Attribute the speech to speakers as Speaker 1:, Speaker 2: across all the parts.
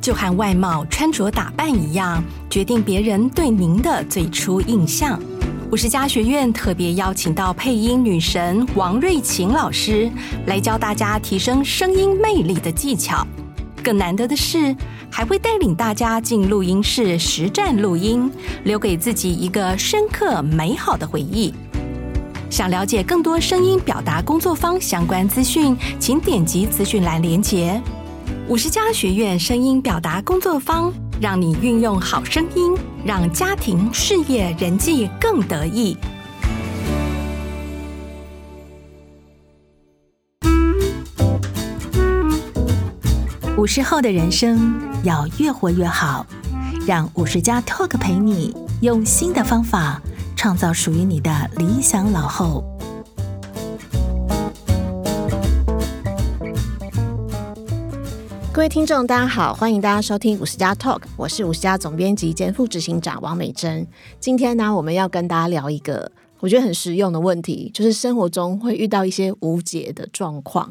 Speaker 1: 就和外貌、穿着打扮一樣，決定別人對您的最初印象。50+ 學院特別邀請到配音女神王瑞琴老師，來教大家提升聲音魅力的技巧。
Speaker 2: 更難得的是，還會帶領大家進錄音室實戰錄音，留給自己一個深刻美好的回憶。想了解更多聲音表達工作坊相關資訊，請點擊資訊欄鏈接。
Speaker 1: 五十加學院聲音表達工作坊，讓你運用好聲音，讓
Speaker 2: 家庭、事業、人際更得意。五十後的人生要越活越好，讓五十加 Talk 陪你，用新的方法創造屬於你的理想老後。各位聽眾，大家好，歡迎大家收聽五十加 Talk，我是五十加總編輯兼副執行長王美珍。今天呢，我們要跟大家聊一個我覺得很實用的問題，就是生活中會遇到一些無解的狀況，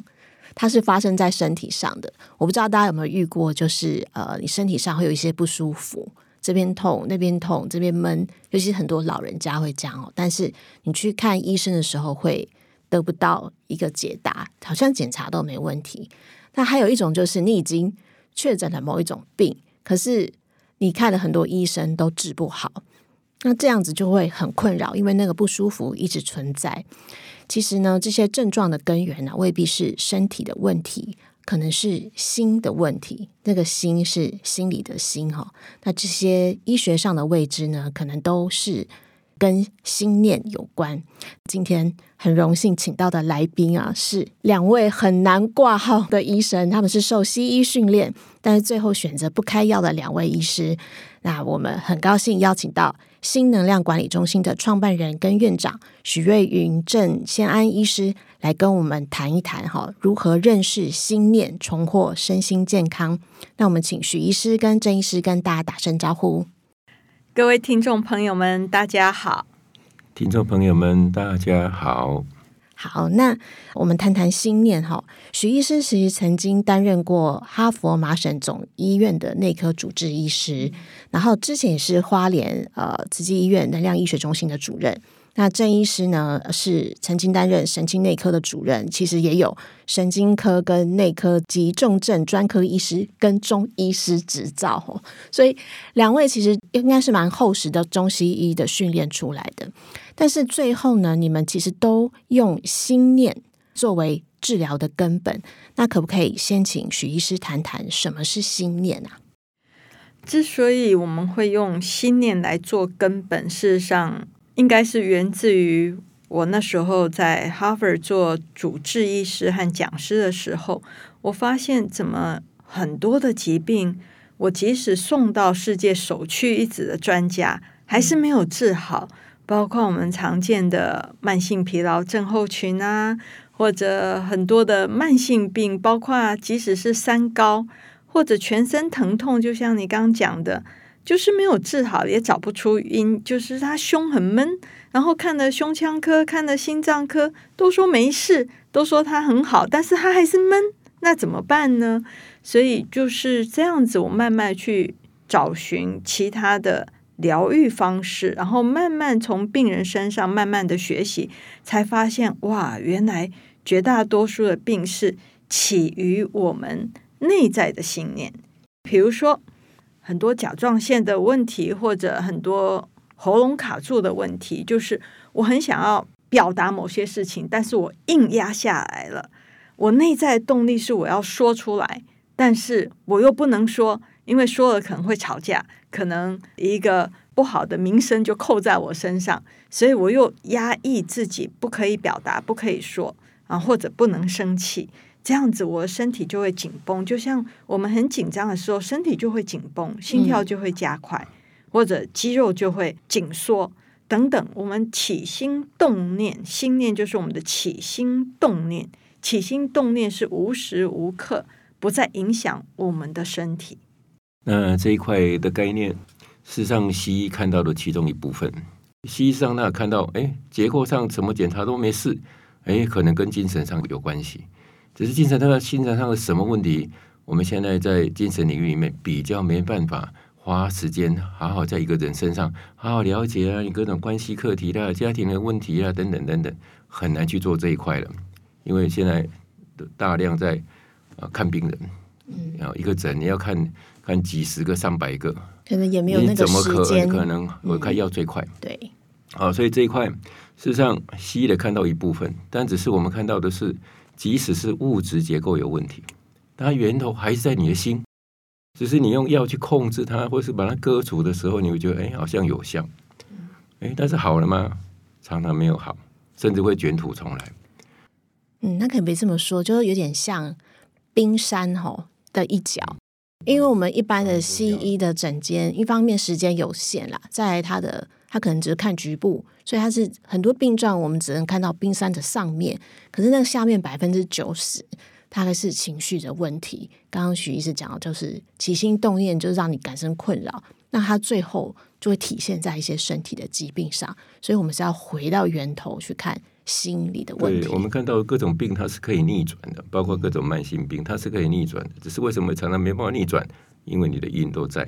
Speaker 2: 它是發生在身體上的。我不知道大家有沒有遇過，就是呃，你身體上會有一些不舒服，這邊痛那邊痛，這邊悶，尤其很多老人家會這樣哦。但是你去看醫生的時候，會得不到一個解答，好像檢查都沒問題。那還有一種就是你已經確診了某一種病，可是你看了很多醫生都治不好，那這樣子就會很困擾，因為那個不舒服一直存在。其實呢，這些症狀的根源呢、啊，未必是身體的問題，可能是心的問題。那個心是心理的心哈、哦。那這些醫學上的未知呢，可能都是。跟心念有關。今天很榮幸請到的來賓啊，是兩位很難掛號的醫生，他們是受西醫訓練，但是最後選擇不開藥的兩位醫師。那我們很高興邀請到新能量管理中心的創辦人跟院長許瑞云、鄭先安醫師來跟我們談一談哈，啊，如何認識心念，重獲身心健康。那我們請許醫師跟鄭醫師跟大家打聲招呼。各位聽眾朋友們，大家好！
Speaker 3: 聽眾朋友們，大家好。
Speaker 2: 好，那我們談談心念哈。許醫師其實曾經擔任過哈佛麻省總醫院的內科主治醫師，然後之前也是花蓮呃慈濟醫院能量醫學中心的主任。那鄭醫師呢，是曾經擔任神經內科的主任，其實也有神經科跟內科急重症專科醫師跟中醫師執照。所以兩位其實應該是蠻厚實的中西醫的訓練出來的。但是最後呢，你們其實都用心念作為治療的根本，那可不可以先請許醫師談談什麼是心念啊？
Speaker 1: 之所以我
Speaker 2: 們會用心念
Speaker 1: 來做根本，事實上。應該是源自於我那時候在哈佛做主治醫師和講師的時候，我發現怎麼很多的疾病，我即使送到世界首屈一指的專家，還是沒有治好。包括我們常見的慢性疲勞症候群啊，或者很多的慢性病，包括即使是三高或者全身疼痛，就像你剛講的。就是沒有治好，也找不出因。就是他胸很悶，然後看了胸腔科，看了心臟科，都說沒事，都說他很好，但是他還是悶，那怎麼辦呢？所以就是這樣子，我慢慢去找尋其他的療癒方式，然後慢慢從病人身上慢慢的學習，才發現哇，原來絕大多數的病是起於我們內在的信念，比如說。很多甲狀腺的問題，或者很多喉嚨卡住的問題，就是我很想要表達某些事情，但是我硬壓下來了。我內在動力是我要說出來，但是我又不能說，因為說了可能會吵架，可能一個不好的名聲就扣在我身上，所以我又壓抑自己，不可以表達，不可以說啊，或者不能生氣。這樣子，我的身體就會緊繃，就像我們很緊張的時候，身體就會緊繃，心跳就會加快，嗯、或者肌肉就會緊縮等等。我們起心動念，心念就是我們的起心動念，起心動念是無時無刻不在影響我們的身體。
Speaker 3: 那這一塊的概念，事實上西醫看到的其中一部分，西醫上呢看到，哎，結構上怎麼檢查都沒事，哎，可能跟精神上有關係。只是精神上的，精神上的什麼問題？我們現在在精神領域裡面比較沒辦法花時間好好在一個人身上好好了解啊，你各種關係課題啊、家庭的問題啊等等等等，很難去做這一塊了。因為現在大量在啊看病人，然後、嗯、一個診你要看看幾十個、上百個，
Speaker 2: 可能也沒有那個時間，可能我開
Speaker 3: 藥最快。嗯、
Speaker 2: 對，
Speaker 3: 啊，所以這一塊事實上西醫的看到一部分，但只是我們看到的是。即使是物質結構有問題，它源頭還是在你的心，只是你用藥去控制它，或是把它割除的時候，你會覺得，欸，好像有效，欸，但是好了嗎？常常沒有好，甚至會捲土重來。
Speaker 2: 嗯，那可別這麼說，就是有點像冰山吼的一角，因為我們一般的西醫的診間，一方面時間有限啦，在它的。他可能只是看局部，所以他是很多病狀，我們只能看到冰山的上面。可是那個下面百分之九十，它還是情緒的問題。剛剛許醫師講的就是起心動念，就讓你感生困擾，那他最後就會體現在一些身體的疾病上。所以我們是要回到源頭去看心理的問題。對，我
Speaker 3: 們看到各種病，它是可以逆轉的，包括各種慢性病，它是可以逆轉的。只是為什麼常常沒辦法逆轉？因為你的因都在。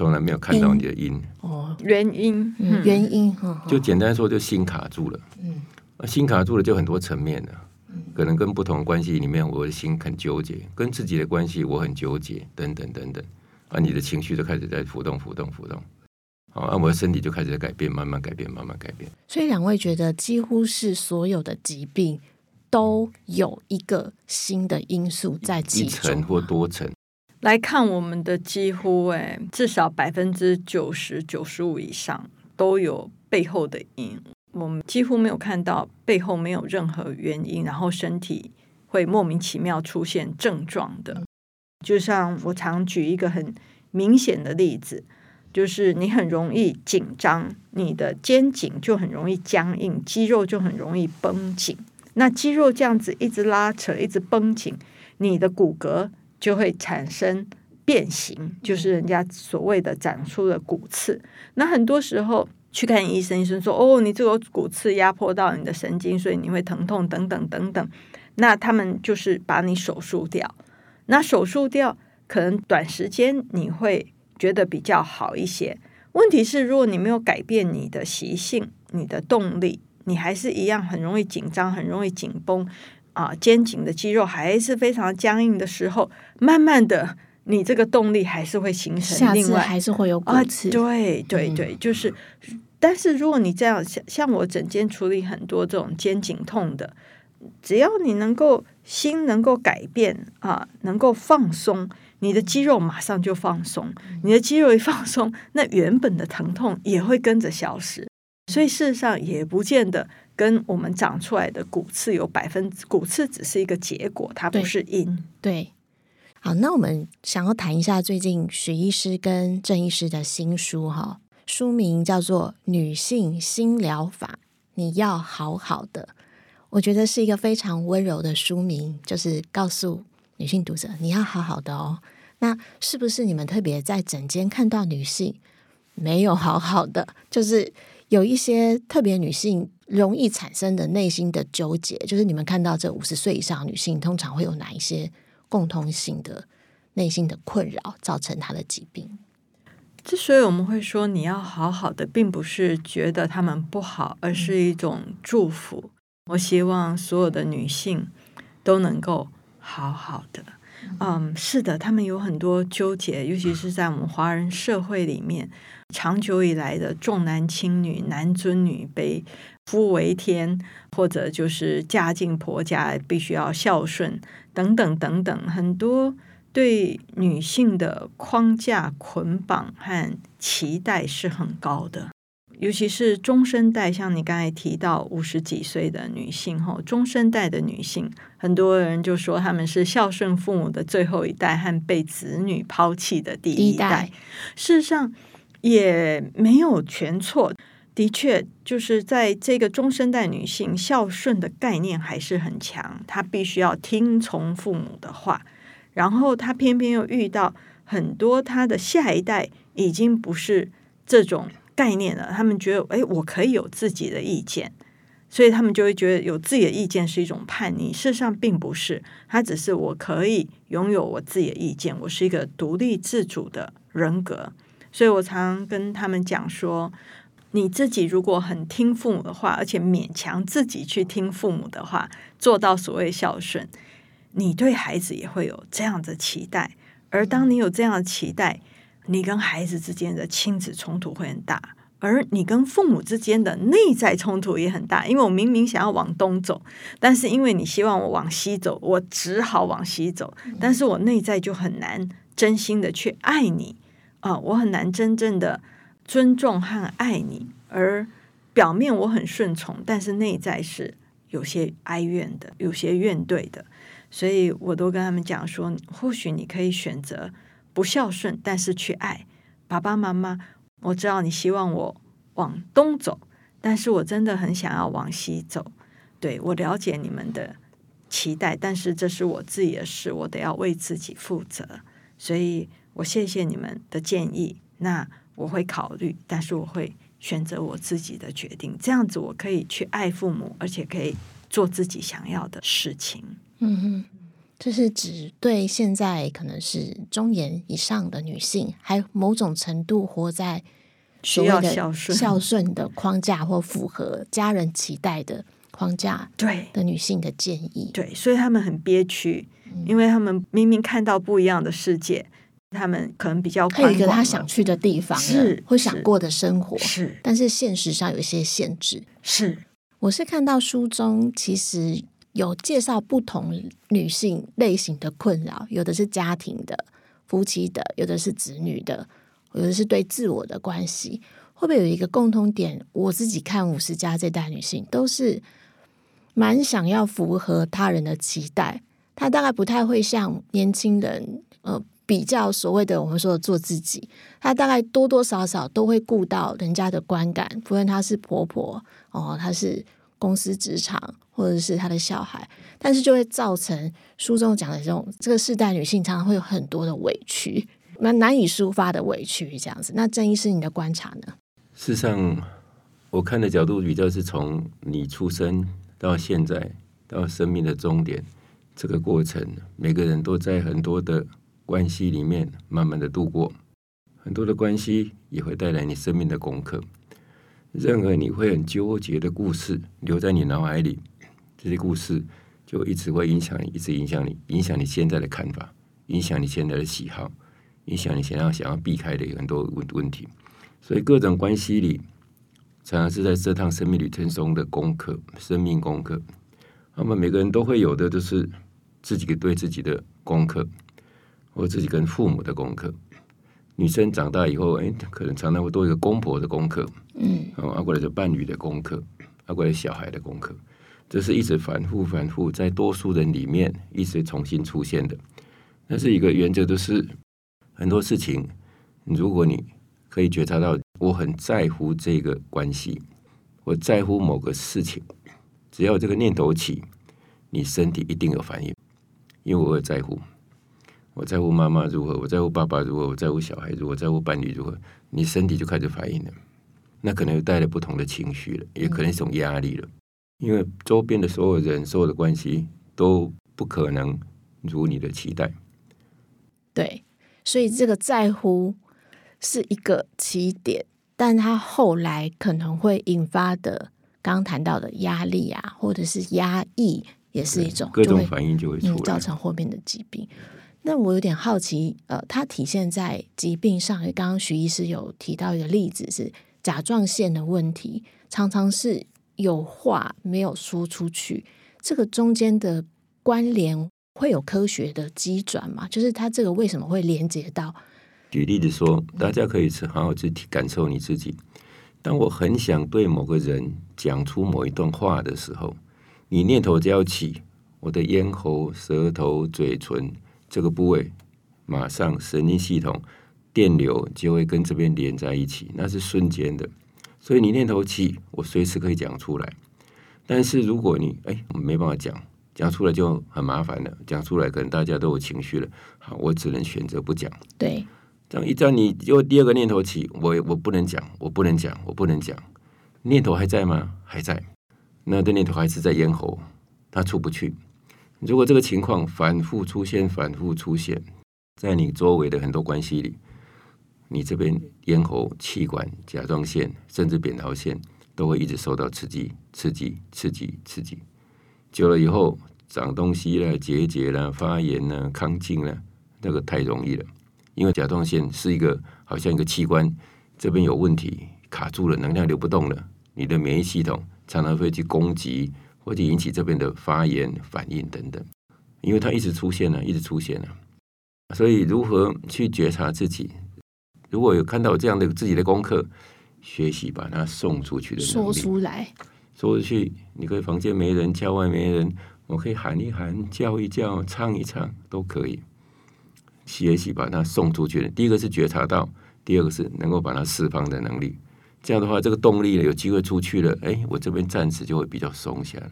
Speaker 3: 從來沒有看到你的因哦，
Speaker 1: 原因，嗯、原因哈，嗯、就
Speaker 3: 簡單說，就心卡住
Speaker 1: 了，
Speaker 3: 嗯、啊，心卡住了就很多層面了，嗯、可能跟不同的關係裡面，我的心很糾結，跟自己的關係我很糾結，等等等等，啊，你的情緒就開始在浮動、浮動、浮動，好，那我的身體就開始在改變，慢慢改變，慢慢改變。
Speaker 2: 所以兩位覺得，幾乎是所有的疾病都有一個心的因素在幾
Speaker 3: 層或多層。
Speaker 1: 來看我們的幾乎，哎，至少百分之九十九十五以上都有背後的因。我們幾乎沒有看到背後沒有任何原因，然後身體會莫名其妙出現症狀的。嗯。就像我常舉一個很明顯的例子，就是你很容易緊張，你的肩頸就很容易僵硬，肌肉就很容易繃緊。那肌肉這樣子一直拉扯，一直繃緊，你的骨骼。就會產生變形，就是人家所謂的長出了骨刺。那很多時候去看醫生，醫生說：“哦，你這個骨刺壓迫到你的神經，所以你會疼痛等等等等。”那他們就是把你手術掉。那手術掉，可能短時間你會覺得比較好一些。問題是，如果你沒有改變你的習性、你的動力，你還是一樣很容易緊張、很容易緊繃。啊，肩頸的肌肉還是非常僵硬的時候，慢慢的，你這個動力還是會形成，另外還是會有二次、啊，對對對，就是。嗯、但是如果你這樣像像我整天處理很多這種肩頸痛的，只要你能夠心能夠改變啊，能夠放鬆，你的肌肉馬上就放鬆，你的肌肉一放鬆，那原本的疼痛也會跟着消失，所以事實上也不見得。跟我們長出來的骨刺有百分之，骨刺只是一個結果，它不是因。
Speaker 2: 對，好，那我們想要談一下最近許醫師跟鄭醫師的新書哈、哦，書名叫做《女性新療法》，你要好好的，我覺得是一個非常溫柔的書名，就是告訴女性讀者你要好好的哦。那是不是你們特別在診間看到女性沒有好好的，就是有一些特別女性容易產生的內心的糾結，就是你們看到這五十歲以上的女性通常會有哪一些共同性的內心的困擾，造成她的疾病。
Speaker 1: 之所以我們會說你要好好的，並不是覺得她們不好，而是一種祝福。我希望所有的女性都能夠好好的。嗯，是的，她們有很多糾結，尤其是在我們華人社會裡面。長久以來的重男輕女、男尊女卑、夫為天，或者就是嫁進婆家必須要孝順等等等等，很多對女性的框架捆綁和期待是很高的。尤其是中生代，像你剛才提到五十幾歲的女性，吼，中生代的女性，很多人就說她們是孝順父母的最後一代，和被子女拋棄的第一代。一代，事實上，也沒有全錯。的確，就是在這個中生代女性，孝順的概念還是很強，她必須要聽從父母的話。然後她偏偏又遇到很多她的下一代已經不是這種概念了。他們覺得，誒、欸，我可以有自己的意見，所以他們就會覺得有自己的意見是一種叛逆。事實上，並不是，他只是我可以擁有我自己的意見，我是一個獨立自主的人格。所以我常跟他們講說，你自己如果很聽父母的話，而且勉強自己去聽父母的話，做到所謂孝順，你對孩子也會有這樣的期待。而當你有這樣的期待，你跟孩子之間的親子衝突會很大，而你跟父母之間的內在衝突也很大。因為我明明想要往東走，但是因為你希望我往西走，我只好往西走。但是我內在就很難真心的去愛你。啊，我很難真正的尊重和愛你，而表面我很順從，但是內在是有些哀怨的，有些怨懟的。所以我都跟他們講說，或許你可以選擇不孝順，但是去愛爸爸媽媽。我知道你希望我往東走，但是我真的很想要往西走。對，我了解你們的期待，但是這是我自己的事，我得要為自己負責，所以。我謝謝你們的建議，那我會考慮，但是我會選擇我自己的決定。這樣子我可以去愛父母，而且可以做自
Speaker 2: 己想要的事情。嗯哼，這是指對現在可能是中年以上的女性，還某種程度活在需要孝順孝順的框架或符合家人期待的框架對的女性的建議，對。對，所以他們很憋屈，因為他們明明看到不一樣的世界。他們可能比較，還有一個他想去的地方，是會想過的生活，是。但是現實上有一些限制，是。我是看到書中其實有介紹不同女性類型的困擾，有的是家庭的、夫妻的，有的是子女的，有的是對自我的關係，會不會有一個共通點？我自己看五十加這代女性都是蠻想要符合他人的期待，她大概不太會像年輕人，呃。比較所謂的我們說的做自己，她大概多多少少都會顧到人家的觀感，不論她是婆婆哦，她是公司職場，或者是她的小孩，但是就會造成書中講的這種這個世代女性常常會有很多的委屈，那難以抒發的委屈這樣子。那鄭醫師你的觀察呢？事
Speaker 3: 實上，我看的角度比較是從你出生到現在到生命的終點這個過程，每個人都在很多的關係裡面慢慢的度過，很多的關係也會帶來你生命的功課。任何你會很糾結的故事，留在你腦海裡，這些故事就一直會影響你，一直影響你，影響你現在的看法，影響你現在的喜好，影響你想要想要避開的有很多問問題。所以各種關係裡，常常是在這趟生命旅程中的功課，生命功課。那麼每個人都會有的，都是自己對自己的功課。我自己跟父母的功課，女生長大以後，哎，可能常常會多一個公婆的功課，嗯，啊，過來就伴侶的功課，啊，過來小孩的功課，這是一直反復反復，在多數人裡面一直重新出現的。但是一個原則，就是很多事情，如果你可以覺察到，我很在乎這個關係，我在乎某個事情，只要這個念頭起，你身體一定有反應，因為我也在乎。我在乎媽媽如何，我在乎爸爸如何，我在乎小孩如何，我在乎伴侶如何，你身體就開始反應了。那可能又帶了不同的情緒了，也可能是一種壓力了，因為周邊的所有人、所有的關係都不可能如你的期待。對，
Speaker 2: 所以這個在乎是一個起點，但它後來可能會引發的，剛剛談到的壓力啊，或者是壓抑，也是一種各種反應就會你造成後面的疾病。那我有點好奇，呃，它體現在疾病上。剛剛許醫師有提到一個例子，是甲狀腺的問題，常常是有話沒有說出去。這個中間的關聯會有科學的機轉嗎？就是它這個為什麼會連接到？
Speaker 3: 舉例子說，大家可以是好好去感受你自己。當我很想對某個人講出某一段話的時候，你念頭只要起，我的咽喉、舌頭、嘴唇。這個部位馬上神經系統電流就會跟這邊連在一起，那是瞬間的。所以你念頭起，我隨時可以講出來。但是如果你哎，我沒辦法講，講出來就很麻煩了。講出來可能大家都有情緒了，好，我只能選擇不講。對，這樣一張，你又第二個念頭起，我我不，我不能講，我不能講，我不能講，念頭還在嗎？還在。那這念頭還是在咽喉，它出不去。如果這個情況反覆出現，反覆出現在你周圍的很多關係裡，你這邊咽喉、氣管、甲狀腺甚至扁桃腺都會一直受到刺激、刺激、刺激、刺激。久了以後，長東西了、結節了、發炎了、亢進了，那個太容易了。因為甲狀腺是一個好像一個器官，這邊有問題，卡住了，能量流不動了，你的免疫系統常常會去攻擊。或者引起這邊的發炎反應等等，因為它一直出現呢、啊，一直出現呢、啊，所以如何去覺察自己？如果有看到這樣的自己的功課，學習把它送出去的能力，說出來，說出去。你可以房間沒人，家外沒人，我可以喊一喊，叫一叫，唱一唱都可以。學習把它送出去的，第一個是覺察到，第二個是能夠把它釋放的能力。這樣的話，這個動力呢，有機會出去了，哎，我這邊暫時就會比較鬆下來。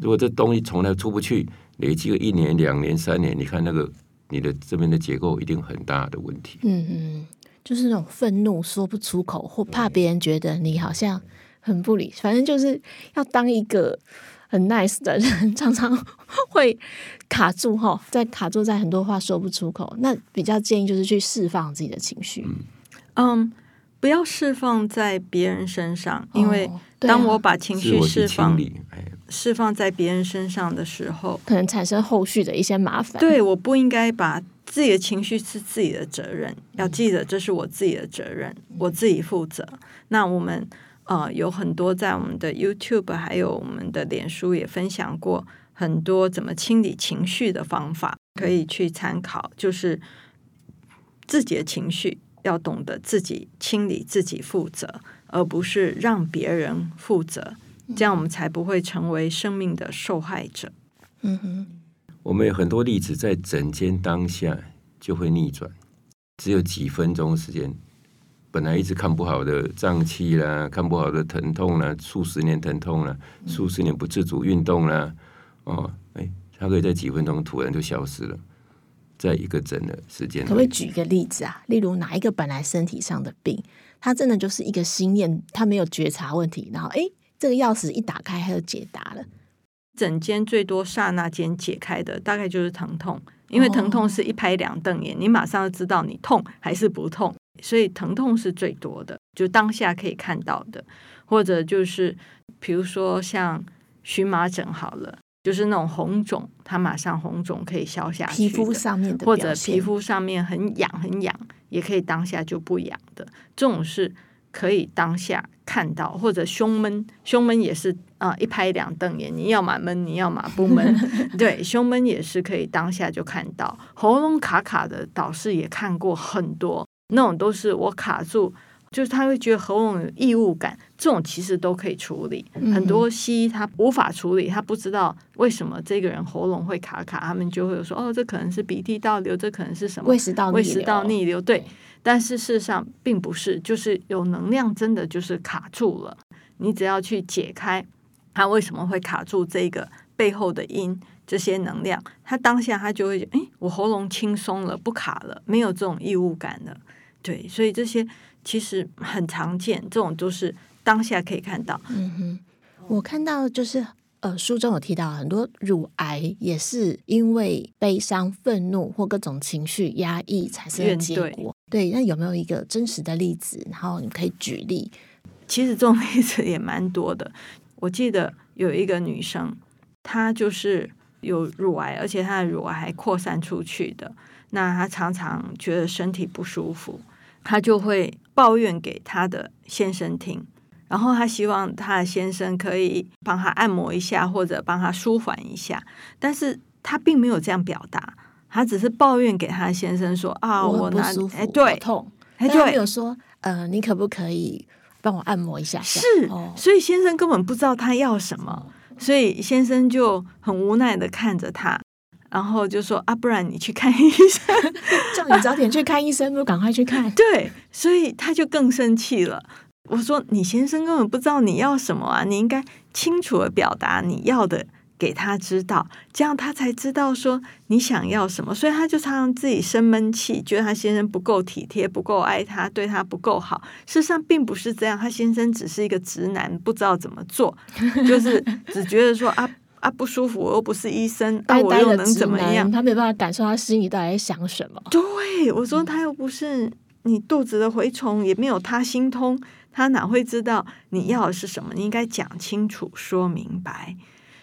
Speaker 3: 如果這東西從來出不去，累積了一年、兩年、三年，你看那個你的這邊的結構一定很大的問題。嗯
Speaker 2: 嗯，就是那種憤怒說不出口，或怕別人覺得你好像很不理，反正就是要當一個很 nice 的人，常常會卡住吼，在卡住，在很多話說不出口。那比較建議就是去釋放自己的情緒。嗯。Um, 不要釋放在別
Speaker 1: 人身上，因為當我把情緒釋放、哦，對啊、釋放在別人身
Speaker 2: 上的時候，可能產生後續的一些麻煩。對，
Speaker 1: 我不應該把自己的情緒是自己的責任，要記得這是我自己的責任，嗯、我自己負責。那我們呃，有很多在我們的 YouTube 還有我們的臉書也分享過很多怎麼清理情緒的方法，可以去參考。就是自己的情緒。要懂得自己清理自己負責，而不是讓別人負責，這樣我們才不會成為生命的受害
Speaker 3: 者。嗯哼，我們有很多例子，在診間當下就會逆轉，只有幾分鐘時間，本來一直看不好的脹氣啦，看不好的疼痛啦，數十年疼痛啦，數十年不自主運動啦，哦，哎、欸，他可以在幾分鐘突然就消失了。在一個診的時間，可不可以舉一
Speaker 2: 個例子啊？例如哪一個本來身體上的病，它真的就是一個心念，它沒有覺察問題，然後哎，這個鑰匙一打開，它就解答了。診間最多
Speaker 1: 剎那間解開的，大概就是疼痛，因為疼痛是一拍兩瞪眼，哦，你馬上就知道你痛還是不痛，所以疼痛是最多的，就當下可以看到的，或者就是比如說像蕁麻疹好了。就是那種紅腫，它馬上紅腫可以消下去的，皮膚上面的表現。或者皮膚上面很癢很癢，也可以當下就不癢的，這種是可以當下看到。或者胸悶，胸悶也是啊、呃，一拍兩瞪眼，你要嘛悶，你要嘛不悶， 對，胸悶也是可以當下就看到。喉嚨卡卡的，導師也看過很多，那種都是我卡住，就是他會覺得喉嚨有異物感。這種其實都可以處理，很多西醫他無法處理，他不知道為什麼這個人喉嚨會卡卡，他們就會說哦，這可能是鼻涕倒流，這可能是什麼胃食道逆流。對，但是事實上並不是，就是有能量真的就是卡住了，你只要去解開他為什麼會卡住這個背後的因，這些能量，他當下他就會哎，我喉嚨輕鬆了，不卡了，沒有這種異物感了，對，所以這些其實很常見，這種就是。當下可以看到，
Speaker 2: 嗯哼，我看到就是呃，書中有提到很多乳癌也是因為悲傷、憤怒或各種情緒壓抑產生的結果。對，對，那有沒有一個真實的例子？然後你可以舉例。
Speaker 1: 其實這種例子也蠻多的。我記得有一個女生，她就是有乳癌，而且她的乳癌還擴散出去的。那她常常覺得身體不舒服，她就會抱怨給她的先生聽。然後她希望她的先生可以幫她按摩一下，或者幫她舒緩一下，但是她並沒有這樣表達，她只是抱怨給她的先生說：“啊，我不舒服，哎、對痛。哎”她就沒有說：“呃，你可不可以幫我按摩一下？”是，哦、所以先生根本不知道她要什麼，所以先生就很無奈的看着她，然後就說：“啊，不然你去看醫生， 叫你早點去看醫生， 不趕快去看？”對，所以他就更生氣了。我說：“你先生根本不知道你要什麼啊！你應該清楚的表達你要的給他知道，這樣他才知道說你想要什麼。所以他就常常自己生悶氣，覺得他先生不夠體貼，不夠愛他，對他不夠好。事實上並不是這樣，他先生只是一個直男，不知道怎麼做，就是只覺得說 啊啊，不舒服，我又不是醫生，那、啊、我又能怎麼樣帶帶？
Speaker 2: 他沒辦法感受他心裡到底在想什麼。對，
Speaker 1: 我說他又不是你肚子的蛔蟲，也沒有他心通。”他哪會知道你要的是什麼？你應該講清楚，說明白。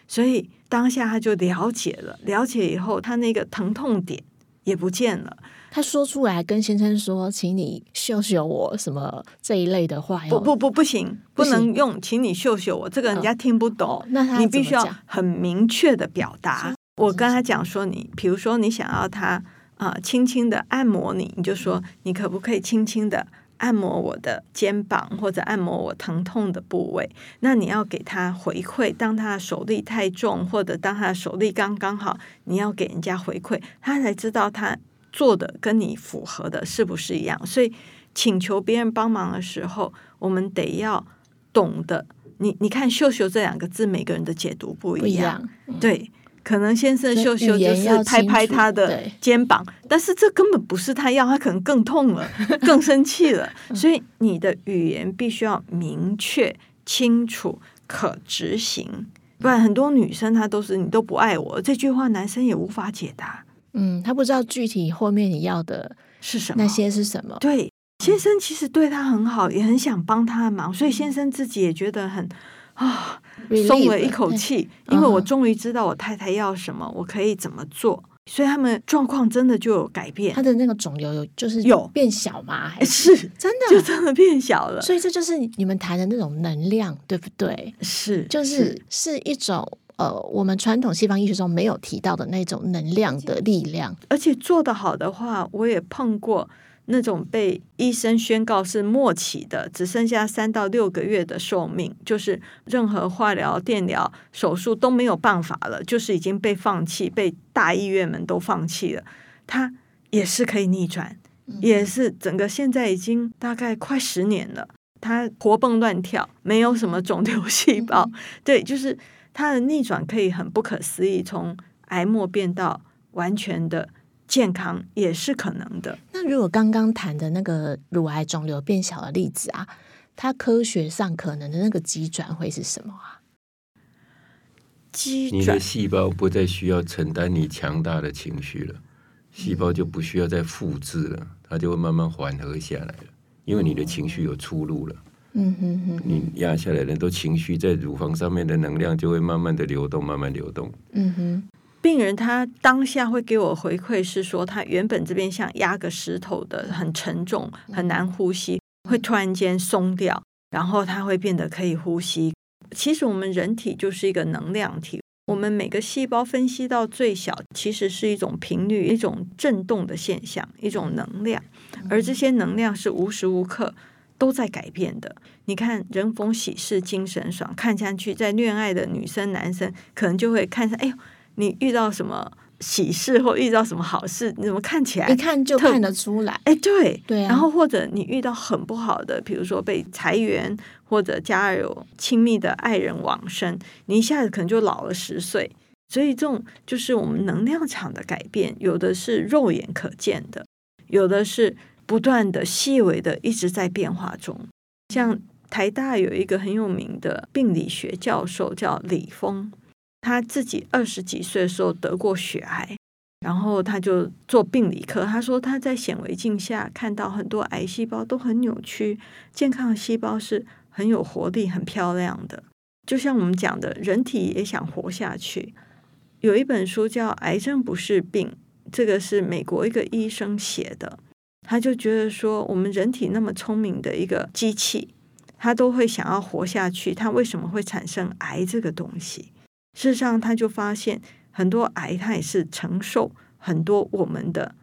Speaker 1: 所以當下他就了解了，了解以後，他那個疼痛點也不見了。他說
Speaker 2: 出來跟先生說：“請你秀秀我什麼這一類的話。”不，不不不，不行，不行，不能
Speaker 1: 用“請你秀秀我”這個，人家聽不懂。嗯，你必須要
Speaker 2: 很明確
Speaker 1: 的表達。是，我跟他講說你，你比如說你想要他啊，呃，輕輕的按摩你，你就說你可不可以輕輕的。按摩我的肩膀或者按摩我疼痛的部位，那你要給他回饋。當他的手力太重，或者當他的手力剛剛好，你要給人家回饋，他才知道他做的跟你符合的是不是一樣。所以，請求別人幫忙的時候，我們得要懂得你。你看“秀秀”這兩個字，每個人的解讀不一樣。不一樣。對。可能先生秀秀就是拍拍他的肩膀，但是這根本不是他要，他可能更痛了， 更生氣了。所以你的語言必須要明確、清楚、可執行，不然很多女生她都是“你都不愛我”這句話，男生也無法解答。嗯，他不知道具體後面你要的是什麼，那些是什麼？對，先生其實對他很好，也很想幫他忙，所以先生自己也覺得很。啊，哦、Relieve，鬆了一口氣，哎、因為我終於知道我太太要什麼，嗯、哼我可以怎麼做，所以他們狀況真的就有改變。他的那個腫
Speaker 2: 瘤有就是有變小嗎？有還是，是真的就真的變小了？所以這就是你們談的那種能量，對不對？是，就是是，是一種呃，我們傳統西方醫學中沒有提到的那種能量的力量。而且做得好的話，我也
Speaker 1: 碰過。那種被醫生宣告是末期的，只剩下三到六個月的壽命，就是任何化療、電療、手術都沒有辦法了，就是已經被放棄，被大醫院們都放棄了。他也是可以逆轉，也是整個現在已經大概快十年了，他活蹦亂跳，沒有什麼腫瘤細胞。對，就是他的逆轉可以很不可思議，從癌末變到完全的健康也是可能的。
Speaker 2: 那如果剛剛談的那個乳癌腫瘤變小的例子啊，它科學上可能的那個機轉會是什麼啊？機轉？你
Speaker 3: 的細胞不再需要承擔你強大的情緒了，細胞就不需要再複製了，嗯、它就會慢慢緩和下來
Speaker 2: 了，因為你的
Speaker 3: 情緒有出路了。嗯哼哼，你壓下來人都情緒在乳房上面的能量就會慢慢的流動，慢慢流動。嗯哼。
Speaker 1: 病人他當下會給我回饋是說，他原本這邊像壓個石頭的很沉重，很難呼吸，會突然間鬆掉，然後他會變得可以呼吸。其實我們人體就是一個能量體，我們每個細胞分析到最小，其實是一種頻率、一種震動的現象，一種能量。而這些能量是無時無刻都在改變的。你看，人逢喜事精神爽，看上去在戀愛的女生、男生可能就會看上，哎呦。你遇到什麼喜事或遇到什麼好事，你怎麼看起來？一看就看得出來。哎，欸、對，對、啊。然後或者你遇到很不好的，比如說被裁員或者家有親密的愛人往生，你一下子可能就老了十歲。所以這種就是我們能量場的改變，有的是肉眼可見的，有的是不斷的細微的一直在變化中。像台大有一個很有名的病理學教授叫李峰。他自己二十幾歲的時候得過血癌，然後他就做病理科。他說他在顯微鏡下看到很多癌細胞都很扭曲，健康的細胞是很有活力、很漂亮的。就像我們講的，人體也想活下去。有一本書叫《癌症不是病》，這個是美國一個醫生寫的。他就覺得說，我們人體那麼聰明的一個機器，它都會想要活下去，它為什麼會產生癌這個東西？事實上，他就發現很多癌，它也是承受很多我們的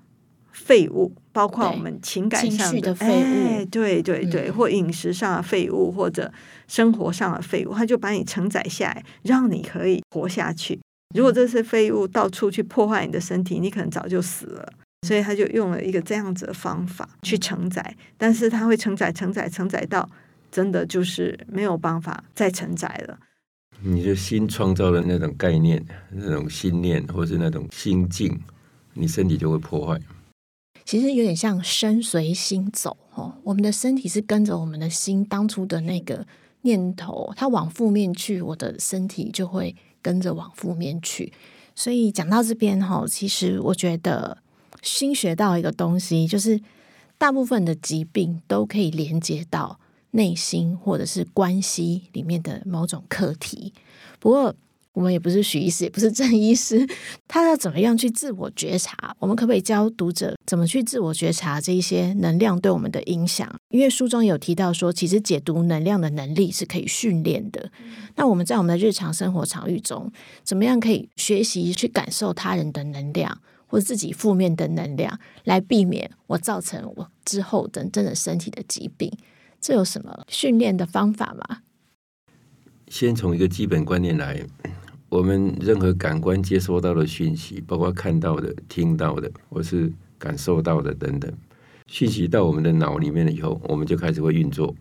Speaker 1: 廢物，包括我們情感上的廢物，對對對，或飲食上的廢物，或者生活上的廢物，他就把你承載下來，讓你可以活下去。如果這些廢物到處去破壞你的身體，你可能早就死了。所以，他就用了一個這樣子的方法去承載，但是他會承載、承載、承載到真的就是沒有辦法再承載了。
Speaker 3: 你的心創造的那種概念，那種心念，或是那種心境，你身體就會破壞。
Speaker 2: 其實有點像身隨心走哦，我們的身體是跟着我們的心當初的那個念頭，它往負面去，我的身體就會跟着往負面去。所以講到這邊，其實我覺得新學到一個東西，就是大部分的疾病都可以連接到內心或者是關係裡面的某種課題，不過我們也不是許醫師，也不是鄭醫師，他要怎麼樣去自我覺察？我們可不可以教讀者怎麼去自我覺察這一些能量對我們的影響？因為書中有提到說，其實解讀能量的能力是可以訓練的。那我們在我們的日常生活場域中，怎麼樣可以學習去感受他人的能量，或者自己負面的能量，來避免我造成我之後的真正的身體的疾病？這有什麼訓練的方法嗎？
Speaker 3: 先從一個基本觀念來，我們任何感官接收到的訊息，包括看到的、聽到的，或是感受到的等等訊息，到我們的腦裡面了以後，我們就開始會運作。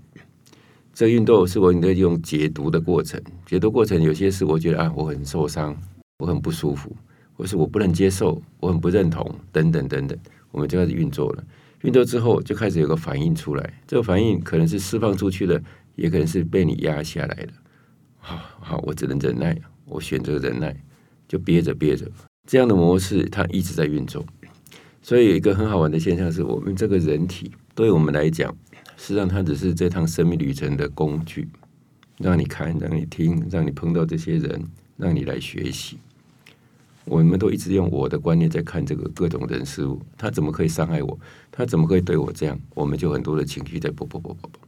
Speaker 3: 這個、運作是應該用解讀的過程，解讀過程有些事我覺得啊，我很受傷，我很不舒服，或是我不能接受，我很不認同，等等等等，我們就開始運作了。運作之後就開始有個反應出來，這個反應可能是釋放出去的，也可能是被你壓下來的。好好，我只能忍耐，我選擇忍耐，就憋着憋着。這樣的模式它一直在運作，所以有一個很好玩的現象是，我們這個人體對我們來講，實際上它只是這趟生命旅程的工具，讓你看，讓你聽，讓你碰到這些人，讓你來學習。我們都一直用我的觀念在看這個各種人事物，他怎麼可以傷害我？他怎麼可以對我這樣？我們就很多的情緒在不不不不爆。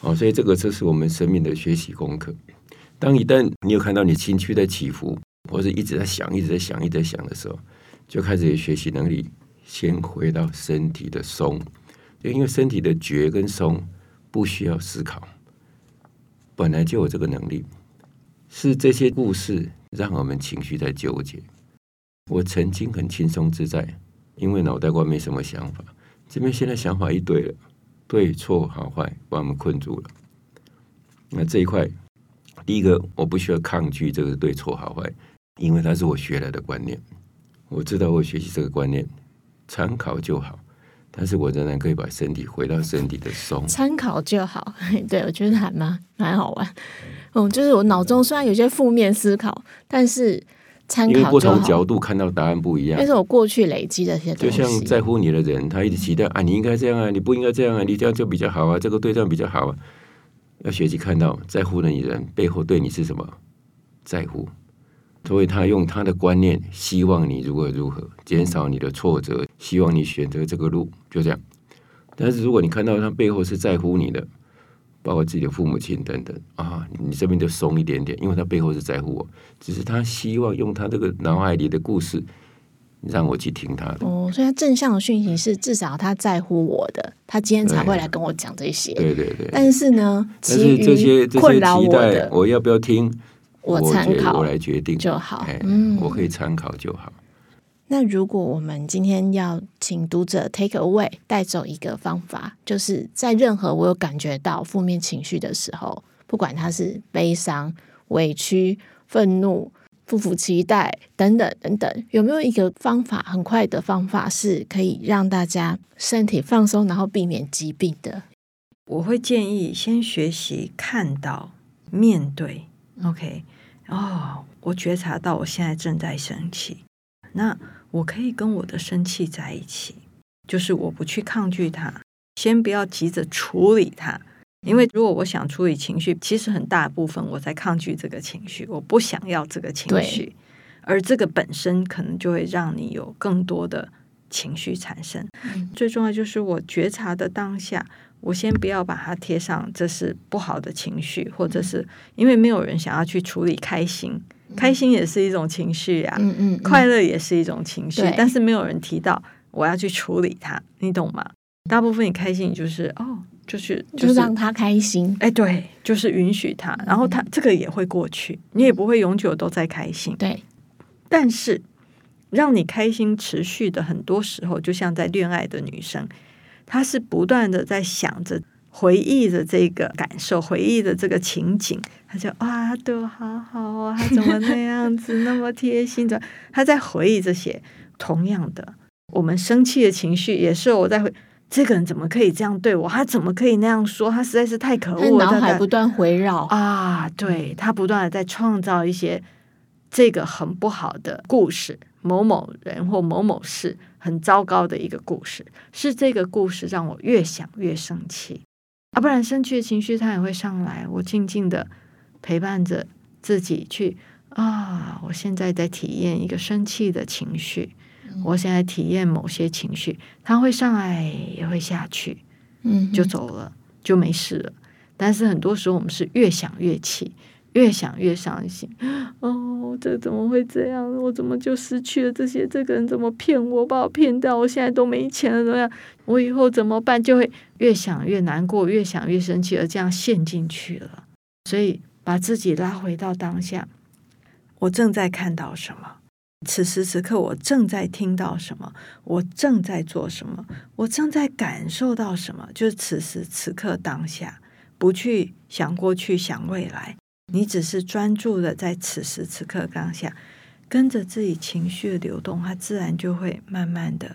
Speaker 3: 哦，所以這個就是我們生命的學習功課。當一旦你有看到你情緒在起伏，或者一直在想、一直在想、一直在想的時候，就開始學習能力，先回到身體的鬆，因為身體的覺跟鬆不需要思考，本來就有這個能力。是這些故事讓我們情緒在糾結。我曾經很輕鬆自在，因為腦袋瓜沒什麼想法。這邊現在想法一堆了，對錯好壞把我們困住了。那這一塊，第一個我不需要抗拒這個對錯好壞，因為它是我學來的觀念。我知道我學習這個觀念，參考就好。但是我仍然可以把身體回到身體的鬆。
Speaker 2: 參考就好，對，我覺得還蠻蠻好玩。嗯，就是我腦中雖然有些負面思考，但是。因為不同角
Speaker 3: 度看到答案不一樣，但是我
Speaker 2: 過去累積的就像
Speaker 3: 在乎你的人，他一直期待啊，你應該這樣啊，你不應該這樣啊，你這樣就比較好啊，這個對象比較好啊，要學習看到在乎你的人背後對你是什麼在乎，所以他用他的觀念希望你如何如何，減少你的挫折，希望你選擇這個路，就這樣。但是如果你看到他背後是在乎你的。包括自己的父母親等等啊，你這邊就鬆一點點，因為他背後是在乎我，只是他希望用他這個腦海裡的故事，讓我去聽他的。
Speaker 2: 哦，所以他正向的訊息是至少他在乎我的，他今天才會來跟我講這些。對，對對對。但是呢，其實這些這些期待，
Speaker 3: 我，的我要不要聽？
Speaker 2: 我參考，我來
Speaker 3: 決定就好。哎、嗯，我可以參考就好。
Speaker 2: 那如果我們今天要請讀者 take away 帶走一個方法，就是在任何我有感覺到負面情緒的時候，不管它是悲傷、委屈、憤怒、不符期待等等等等，有沒有一個方法，很快的方法是可以讓大家身體放鬆，然後避免疾病的？
Speaker 1: 我會建議先學習看到、面對。OK，哦，oh，我覺察到我現在正在生氣。那我可以跟我的生氣在一起，就是我不去抗拒它，先不要急着處理它。因為如果我想處理情緒，其實很大部分我在抗拒這個情緒，我不想要這個情緒，對而這個本身可能就會讓你有更多的情緒產生。最重要就是我覺察的當下，我先不要把它貼上這是不好的情緒，或者是因為沒有人想要去處理開心。開心也是一種情緒呀、啊，嗯嗯嗯快樂也是一種情緒，對但是沒有人提到我要去處理它，你懂嗎？大部分你開心就是哦，就是就是就讓他開心，哎，欸、對，就是允許他，然後他、嗯嗯、這個也會過去，你也不會永久都在開心。對，但是讓你開心持續的很多時候，就像在戀愛的女生，她是不斷的在想着。回憶着這個感受，回憶着這個情景，他就哇，對我好好哦，他怎麼那樣子，那麼貼心的？他 在回憶這些。同樣的，我們生氣的情緒也是我在回，這個人怎麼可以這樣對我？他怎麼可以那樣說？他實在是太可惡了。腦海不斷回繞啊，對，他不斷的在創造一些這個很不好的故事，某某人或某某事很糟糕的一個故事，是這個故事讓我越想越生氣。啊，不然生氣的情緒它也會上來。我靜靜的陪伴着自己去啊、哦，我現在在體驗一個生氣的情緒，我現在體驗某些情緒，它會上來也會下去，嗯，就走了就沒事了。但是很多時候我們是越想越氣。越想越傷心，哦，這怎麼會這樣？我怎麼就失去了這些？這個人怎麼騙我，把我騙到，我現在都沒錢了，怎麼樣？我以後怎麼辦？就會越想越難過，越想越生氣，而這樣陷進去了。所以，把自己拉回到當下，我正在看到什麼？此時此刻，我正在聽到什麼？我正在做什麼？我正在感受到什麼？就是此時此刻當下，不去想過去，想未來。你只是專注的在此時此刻當下，跟着自己情緒的流動，它自然就會慢慢的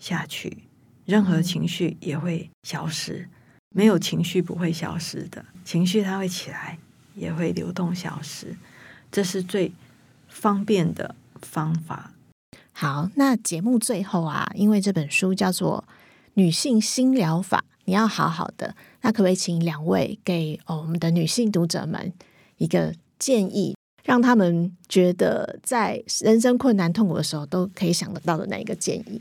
Speaker 1: 下去，任何情緒也會消失，沒有情緒不會消失的，情緒它會起
Speaker 2: 來，也會流動消失，這是最方便的方法。好，那節目最後啊，因為這本書叫做《女性心療法》，你要好好的，那可不可以請兩位給我們的女性讀者們一個建議，讓他們覺得在人生困難痛苦的時候都可以想得到的那一個建議。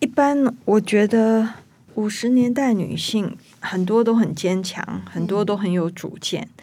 Speaker 1: 一般我覺得五十年代女性很多都很堅強，很多都很有主見。嗯、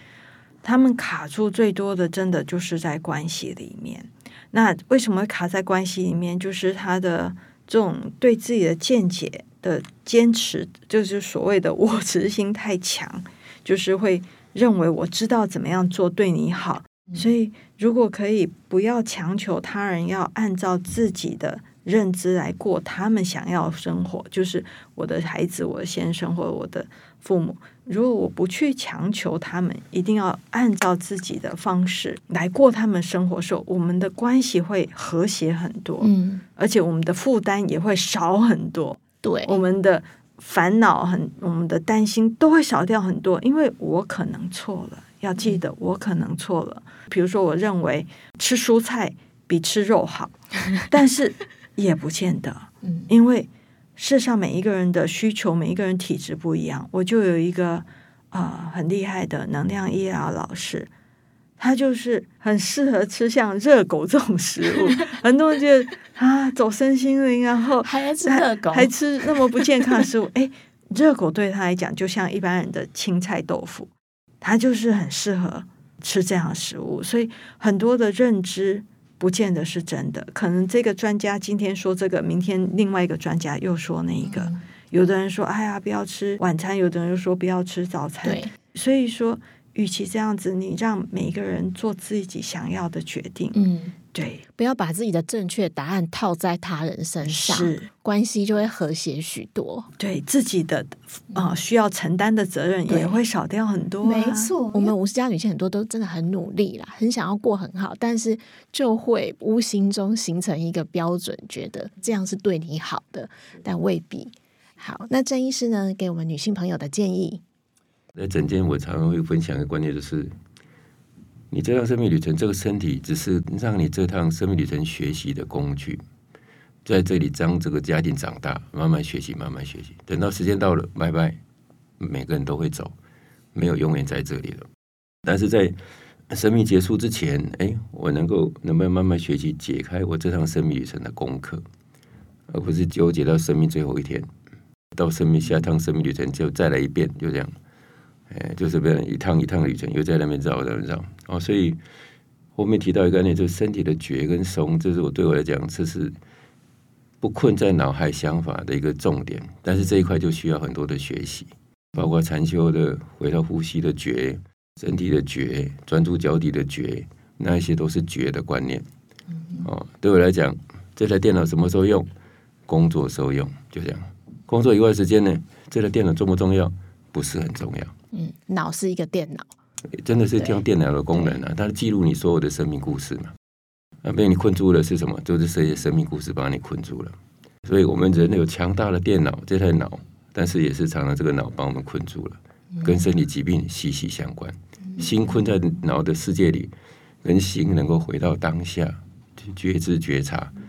Speaker 1: 她們卡住最多的，真的就是在關係裡面。那為什麼會卡在關係裡面？就是她的這種對自己的見解的堅持，就是所謂的我執心太強，就是會。認為我知道怎麼樣做對你好，嗯，所以如果可以，不要強求他人要按照自己的認知來過他們想要生活。就是我的孩子、我的先生或者我的父母，如果我不去強求他們一定要按照自己的方式來過他們生活時候，我們的關係會和諧很多，嗯，而且我們的負擔也會少很多。對，我們的。煩惱很，我們的擔心都會少掉很多。因為我可能錯了，要記得我可能錯了。嗯、比如說，我認為吃蔬菜比吃肉好， 但是也不見得，嗯、因為世上每一個人的需求、每一個人體質不一樣。我就有一個啊、呃，很厲害的能量醫療老師。他就是很適合吃像熱狗這種食物， 很多人就啊，走身心靈，然後還，還在吃熱狗，還吃那麼不健康的食物。誒、哎，熱狗對他來講就像一般人的青菜豆腐，他就是很適合吃這樣的食物。所以很多的認知不見得是真的，可能這個專家今天說這個，明天另外一個專家又說那一個。嗯、有的人說哎呀，不要吃晚餐，有的人又說不要吃早餐。對所以說。與其這樣子，你讓每一個人做自己想要的決定，嗯，對，不要把自己的正確答案套在他人身上，是關係就會和諧許多。對自己的啊、呃嗯、需要承擔的責任也會少掉很多、啊。沒
Speaker 2: 錯，我們五十加女性很多都真的很努力啦，很想要過很好，但是就會無形中形成一個標準，覺得這樣是對你好的，但未必。好，那鄭醫師呢，給我們女性朋友的建議。
Speaker 3: 那診間我常常會分享一個觀念，就是你這趟生命旅程，這個身體只是讓你這趟生命旅程學習的工具，在這裡將這個家庭長大，慢慢學習，慢慢學習，等到時間到了，拜拜，每個人都會走，沒有永遠在這裡了。但是在生命結束之前，哎、欸，我能夠能不能慢慢學習解開我這趟生命旅程的功課，而不是糾結到生命最後一天，到生命下趟生命旅程就再來一遍，就這樣。哎，就是這樣，一趟一趟的旅程，又在那邊繞繞繞哦。所以後面提到一個概念，就是身體的覺跟鬆，這是我對我來講，這是不困在腦海想法的一個重點。但是這一塊就需要很多的學習，包括禪修的、回到呼吸的覺、身體的覺、專注腳底的覺，那一些都是覺的觀念。嗯嗯哦，對我來講，這台電腦什麼時候用？工作時候用，就這樣。工作以外時間呢，這台電腦重不重要？不是很重要。
Speaker 2: 嗯，腦是一個電腦，
Speaker 3: 真的是聽電腦的功能啊，對它記錄你所有的生命故事嘛。那被你困住了是什麼？就是這些生命故事把你困住了。所以我們人有強大的電腦，這台腦，但是也是常常這個腦幫我們困住了，跟身體疾病息息相關。嗯、心困在腦的世界裡，跟心能夠回到當下，覺知覺察，嗯、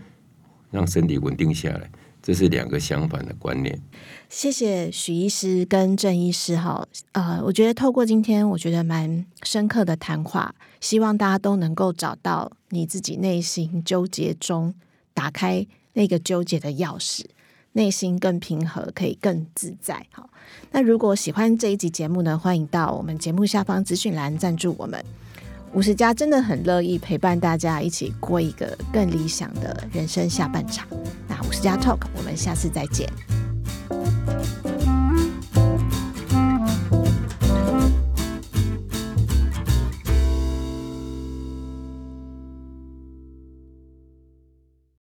Speaker 3: 讓身體穩定下來。這是兩個相反的觀念。
Speaker 2: 謝謝許醫師跟鄭醫師哈，呃，我覺得透過今天，我覺得蠻深刻的談話，希望大家都能夠找到你自己內心糾結中打開那個糾結的鑰匙，內心更平和，可以更自在。哈，那如果喜歡這一集節目呢，歡迎到我們節目下方資訊欄贊助我們。50+ 真的很樂意陪伴大家一起過一個更理想的人生下半場。那 50+ Talk，我們下次再見。